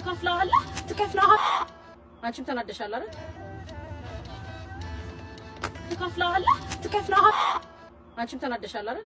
ትከፍለዋለህ ትከፍለዋለህ። አንቺም ተናደሻል አይደል? ትከፍለዋለህ ትከፍለዋለህ። አንቺም ተናደሻል አይደል?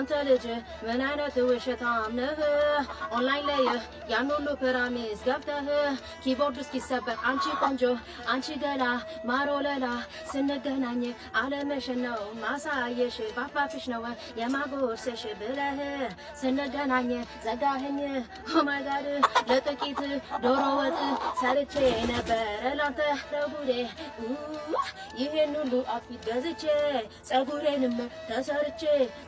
አንተ ልጅ ምን አይነት ውሸታም ነህ? ኦንላይን ላይ ያን ሁሉ ፕራሚስ ገብተህ ኪቦርድ እስኪሰበር አንቺ ቆንጆ አንቺ ገላ ማሮለላ ስንገናኝ አለመሽ ነው ማሳየሽ ባፋፍሽ ነው የማጎርሰሽ ብለህ ስንገናኝ ዘጋህኝ። ኦማይጋድ ለጥቂት ዶሮ ወጥ ሰርቼ ነበረ ላንተ ለጉዴ ይሄን ሁሉ አፊት ገዝቼ ጸጉሬንም ተሰርቼ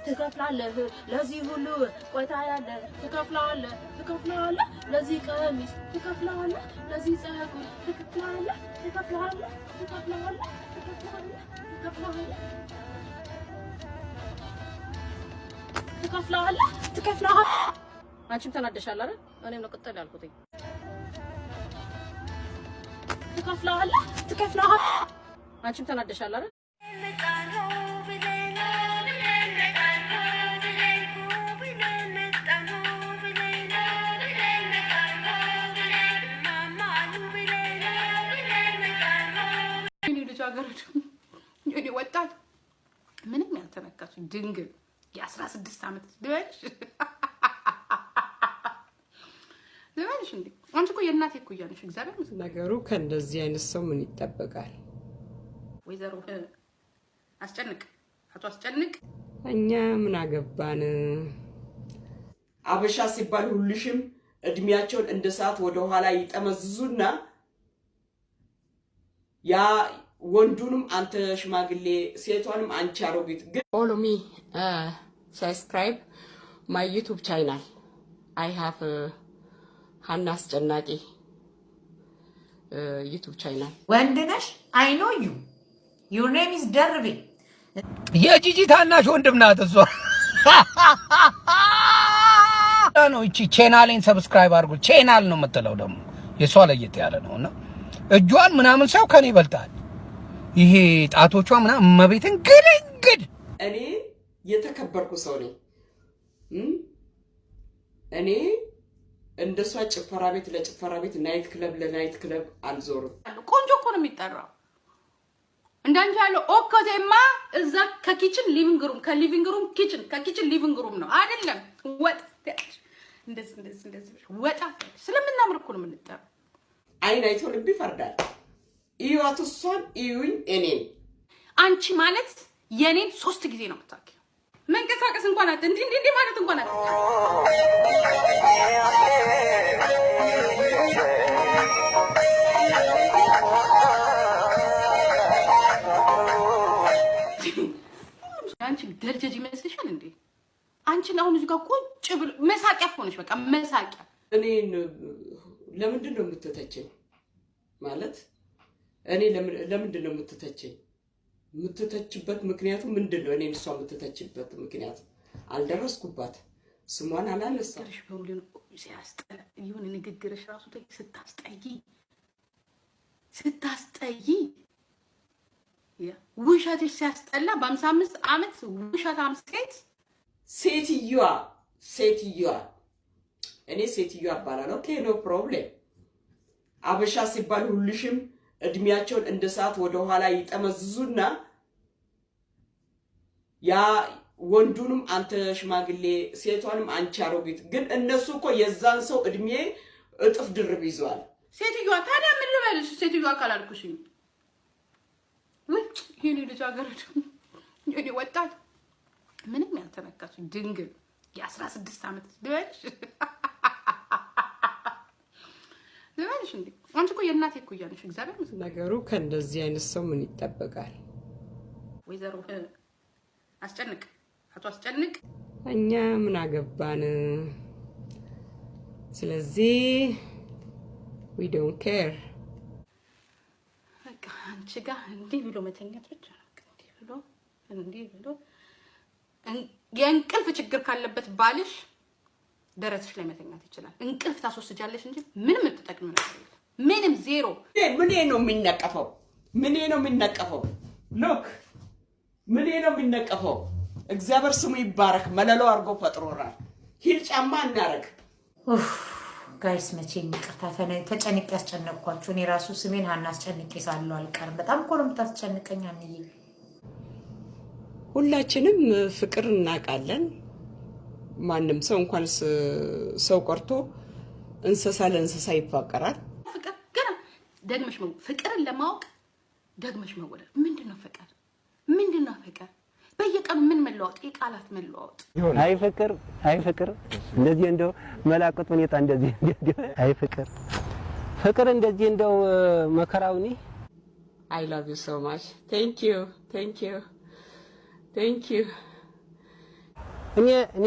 ትከፍላለህ ትከፍላለህ ለዚህ ሁሉ ቆይታ ያለ ትከፍላለህ ትከፍላለህ ለዚህ ቀሚስ ትከፍላለህ ለዚህ ፀጉር ትከፍላለህ ትከፍላለህ ትከፍላለህ ትከፍላለህ ትከፍላለህ ትከፍላለህ ትከፍላለህ። አንቺም ተናደሻል አይደል? እኔም ነው ቅጠል ያልኩት። ትከፍላለህ ትከፍላለህ። አንቺም ተናደሻል አይደል? ሀገር ደግሞ ወጣት ምንም ያልተነካች ድንግል የአስራ ስድስት ዓመት ልበልሽ ልበልሽ እንዴ አንቺ እኮ የእናቴ እኩያ ነሽ። እግዚአብሔር ነገሩ ከእንደዚህ አይነት ሰው ምን ይጠበቃል? ወይዘሮ አስጨንቅ አቶ አስጨንቅ እኛ ምን አገባን? አበሻ ሲባል ሁልሽም እድሜያቸውን እንደ ሰዓት ወደኋላ ይጠመዝዙና ያ ወንዱንም አንተ ሽማግሌ ሴቷንም አንቺ አሮጊት። ግን ፎሎ ሚ ሰብስክራይብ ማይ ዩቱብ ቻናል አይ ሃቭ ሀና አስጨናቂ ዩቱብ ቻናል። ወንድ ነሽ አይ ኖ ዩ ዩር ኔም ኢዝ ደርቤ። የጂጂ ታናሽ ወንድም ናት እሷ ነው። እቺ ቻናሌን ሰብስክራይብ አድርጉ። ቻናል ነው የምትለው ደግሞ የሷ ለየት ያለ ነው። እና እጇን ምናምን ሰው ከኔ ይበልጣል ይሄ ጣቶቿ ምናምን እመቤትን ግድግድ። እኔ የተከበርኩ ሰው ነኝ። እኔ እንደሷ ጭፈራ ቤት ለጭፈራ ቤት ናይት ክለብ ለናይት ክለብ አልዞርም። ቆንጆ እኮ ነው የሚጠራው። እንዳንቺ ያለው ኦከቴማ እዛ ከኪችን ሊቪንግ ሩም ከሊቪንግ ሩም ኪችን ከኪችን ሊቪንግ ሩም ነው አይደለም። ወጥ እንደዚህ እንደዚህ እንደዚህ ወጣ ስለምናምር እኮ ነው የምንጠራው። አይን አይቶ ልብ ይፈርዳል። እዩዋት፣ እሷን እዩኝ፣ እኔን። አንቺ ማለት የኔን ሶስት ጊዜ ነው የምታውቂው። መንቀሳቀስ እንኳን አት እንዲህ እንዲህ ማለት እንኳን አት አንቺ ደረጃጅ ይመስልሻል እንዴ? አንቺን አሁን እዚህ ጋር ቁጭ ብሎ መሳቂያ ሆነች። በቃ መሳቂያ። እኔን ለምንድን ነው የምትተችን ማለት እኔ ለምንድን ነው የምትተቸኝ? የምትተችበት ምክንያቱ ምንድን ነው? እኔን እሷ የምትተችበት ምክንያቱ አልደረስኩባት፣ ስሟን አላነሳም። ይሁን ንግግርሽ ራሱ ስታስጠይ ስታስጠይ ውሸትሽ ሲያስጠላ በአምሳ አምስት ዓመት ውሸታም ሴት ሴትዮዋ ሴትዮዋ እኔ ሴትዮዋ እባላለሁ። ኦኬ ኖ ፕሮብሌም አበሻ ሲባል ሁልሽም እድሜያቸውን እንደ ሰዓት ወደ ኋላ ይጠመዝዙና ያ ወንዱንም አንተ ሽማግሌ፣ ሴቷንም አንቺ አሮጊት። ግን እነሱ እኮ የዛን ሰው እድሜ እጥፍ ድርብ ይዘዋል። ሴትዮዋ ታዲያ ምን ልበልሽ? ሴትዮዋ ካላልኩሽኝ ውጭ ይህኔ ልጅ ሀገረድ ይኔ ወጣት ምንም ያልተነካች ድንግል የአስራ ስድስት ዓመት ልበልሽ ነሽ እንዴ? አንቺ እኮ የእናቴ እኩያ ነሽ። እግዚአብሔር ምስክሬ። ነገሩ ከእንደዚህ አይነት ሰው ምን ይጠበቃል? ወይዘሮ አስጨንቅ፣ አቶ አስጨንቅ፣ እኛ ምን አገባን? ስለዚህ ዊ ዶንት ኬር። አንቺ ጋር እንዲህ ብሎ መተኛት ብቻ ነው። እንዲህ ብሎ እንዲህ ብሎ የእንቅልፍ ችግር ካለበት ባልሽ ደረትሽ ላይ መተኛት ይችላል። እንቅልፍ ታስወስጃለሽ እንጂ ምንም የምትጠቅሚው ነገር የለም። ምንም ዜሮ። ምኔ ነው የሚነቀፈው? ምኔ ነው የሚነቀፈው? ሎክ ምኔ ነው የሚነቀፈው? እግዚአብሔር ስሙ ይባረክ። መለሎ አድርጎ ፈጥሮናል። ሂል ጫማ እናረግ ጋይስ መቼም ይቅርታ ተጨንቄ ያስጨነቅኳችሁ። እኔ ራሱ ስሜን ሀና አስጨንቄ ሳለሁ አልቀርም። በጣም እኮ ነው የምታስጨንቀኝ። አንዬ ሁላችንም ፍቅር እናውቃለን። ማንም ሰው እንኳን ሰው ቀርቶ እንስሳ ለእንስሳ ይፋቀራል። ፍቅር ገና ደግመሽ ፍቅርን ለማወቅ ደግመሽ መወደድ ምንድን ነው? ፍቅር ምንድን ነው? ፍቅር በየቀኑ ምን መለዋወጥ፣ የቃላት መለዋወጥ። አይ ፍቅር፣ አይ ፍቅር እንደዚህ እንደው መላከት ሁኔታ እንደዚህ አይ ፍቅር፣ ፍቅር እንደዚህ እንደው መከራውኒ አይ ላቭ ዩ ሶ ማች ቴንክ ዩ ቴንክ ዩ ቴንክ ዩ እኔ እኔ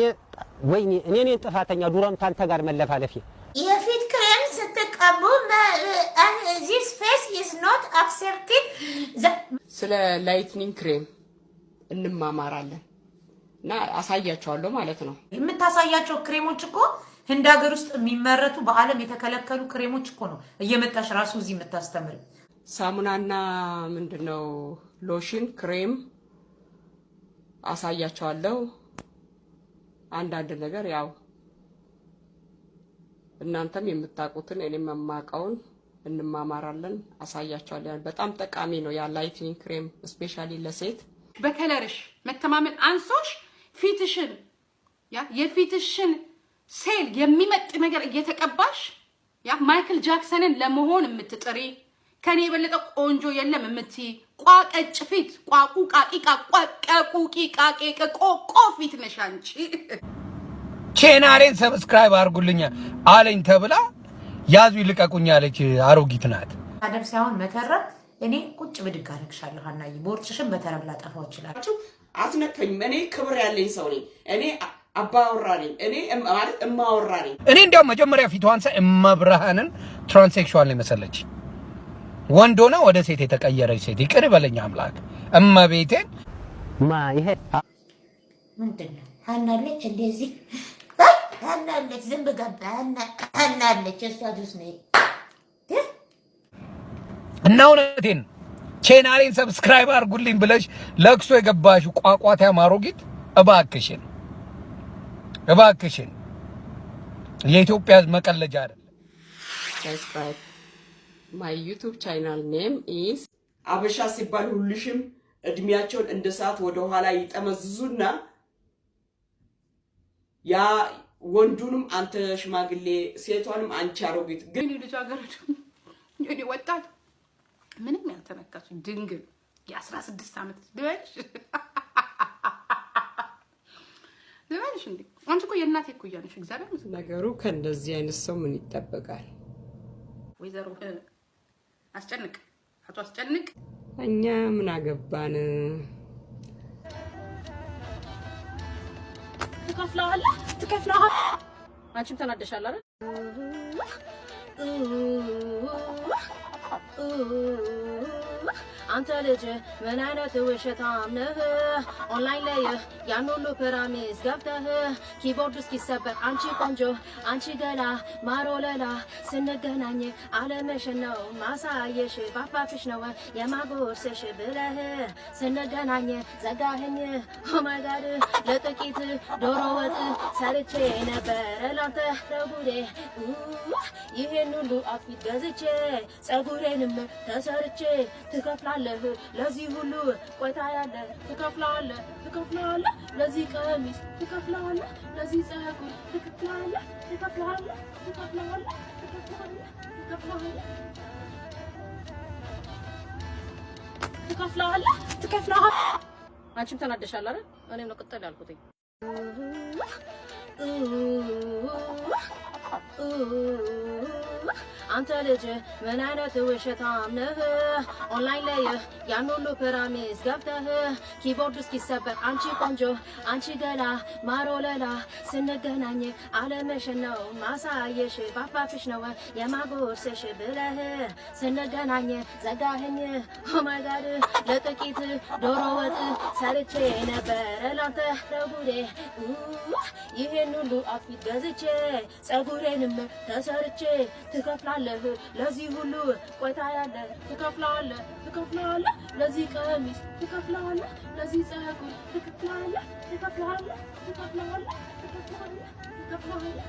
ወይኔ እኔ እኔን ጥፋተኛ ዱረም ታንተ ጋር መለፋለፊ የፊት ክሬም ስትቀቡ ዚስ ፌስ ኢዝ ኖት አክሴፕትድ። ስለ ላይትኒንግ ክሬም እንማማራለን እና አሳያቸዋለሁ ማለት ነው። የምታሳያቸው ክሬሞች እኮ ህንድ ሀገር ውስጥ የሚመረቱ በዓለም የተከለከሉ ክሬሞች እኮ ነው እየመጣሽ ራሱ እዚህ የምታስተምር። ሳሙናና ምንድነው ሎሽን ክሬም አሳያቸዋለሁ። አንዳንድ ነገር ያው እናንተም የምታውቁትን እኔም የማውቀውን እንማማራለን፣ አሳያቸዋለን። በጣም ጠቃሚ ነው ያ ላይትኒንግ ክሬም ስፔሻሊ ለሴት። በከለርሽ መተማመን አንሶሽ ፊትሽን ያ የፊትሽን ሴል የሚመጥ ነገር እየተቀባሽ ያ ማይክል ጃክሰንን ለመሆን የምትጥሪ ከኔ የበለጠ ቆንጆ የለም የምትይ ቋቀጭ ፊት ቋቁ ቃቂቃ ቋቀቁቂ ቃቄ ቆቆ ፊት ነሽ አንቺ። ቼናሬን ሰብስክራይብ አድርጉልኛ አለኝ ተብላ ያዙ ይልቀቁኝ አለች አሮጊት ናት። አደብ ሳይሆን መተረብ እኔ ቁጭ ብድግ አደርግሻለሁ። ሀናይ ቦርጭሽን በተረብ ላጠፋው ይችላል። አትነካኝም። እኔ ክብር ያለኝ ሰው ነኝ። እኔ አባወራ ነኝ። እኔ ማለት እማወራ ነኝ። እኔ እንዲያውም መጀመሪያ ፊቷን ሳይ እመብርሃንን ትራንሴክሹዋል ነው የመሰለችኝ። ወንድ ሆና ወደ ሴት የተቀየረች ሴት ይቅር ይበለኝ አምላክ እመቤቴን። ማ ይሄ ምንድን ሀናለች እንደዚህ ሀናለች፣ ዝንብ ገባ ሀናለች። እሷ እና እውነቴን ቼናሌን ሰብስክራይብ አድርጉልኝ ብለሽ ለቅሶ የገባሽ ቋቋታ ማሮጊት፣ እባክሽን እባክሽን፣ የኢትዮጵያ መቀለጃ አይደለም። ማይ ዩቱብ ቻይናል ኔም ኢዝ አበሻ ሲባል ሁልሽም እድሜያቸውን እንደ ሰዓት ወደኋላ ይጠመዝዙና ያ ወንዱንም አንተ ሽማግሌ፣ ሴቷንም አንቺ አሮጊት። ግን ልጃገረድ የእኔ ወጣት ምንም ያልተነካች ድንግል የአስራ ስድስት ዓመት ልበልሽ ልበልሽ እንዴ አንቺ እኮ የእናቴ እኩያ ነሽ። እግዚአብሔር ነገሩ ከእንደዚህ አይነት ሰው ምን ይጠበቃል? ወይዘሮ አስጨንቅ አቶ አስጨንቅ። እኛ ምን አገባን? ትከፍለዋለህ ትከፍለዋለህ። አንቺም ተናደሻል አይደል? አንተ ልጅ ምን አይነት ውሸታም ነህ? ኦንላይን ላይ ያን ሁሉ ፕራሚስ ገብተህ ኪቦርድ እስኪሰበር አንቺ ቆንጆ አንቺ ገላ ማሮለላ ስንገናኝ አለመሽን ነው ማሳየሽ ባፋፍሽ ነው የማጎርሰሽ ብለህ ስንገናኝ ዘጋህኝ። ኦማይጋድ ለጥቂት ዶሮ ወጥ ሰርቼ ነበረ ላንተ ለጉዴ ይሄን ሁሉ አፊት ገዝቼ ጸጉሬንም ተሰርቼ ትከፍላለ ትከፍላለህ ለዚህ ሁሉ ቆይታ ያለ ትከፍላለህ ትከፍላለህ ለዚህ ቀሚስ ትከፍላለህ ለዚህ ፀጉር ትከፍላለህ ትከፍላለህ ትከፍላለህ ትከፍላለህ ትከፍላለህ ትከፍላለህ አንቺም ተናደሻል አይደል? እኔም ነው ቅጠል ያልኩትኝ። Ooh, አንተ ልጅ ምን አይነት ውሸታም ነህ? ኦንላይን ላይ ያን ሁሉ ፕራሚስ ገብተህ ኪቦርድ እስኪሰበር አንቺ ቆንጆ አንቺ ገላ ማሮለላ ስንገናኝ አለመሸን ነው ማሳየሽ ባፋፍሽ ነው የማጎርስሽ ብለህ ስንገናኝ ዘጋህኝ። ኦማይጋድ ለጥቂት ዶሮ ወጥ ሰርቼ ነበረ ላንተ ለጉዴ ይህን ሁሉ አፊት ገዝቼ ጸጉሬንም ተሰርቼ ትከፍላለህ ለዚህ ሁሉ ቆይታ ያለ ትከፍላለህ ትከፍላለህ ለዚህ ቀሚስ ትከፍላለህ ለዚህ ፀጉር ትከፍላለህ ትከፍላለህ ትከፍላለህ ትከፍላለህ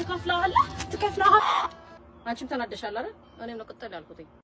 ትከፍላለህ ትከፍላለህ አንቺም ተናደሻል አይደል? እኔም ነው ቅጠል ያልኩትኝ።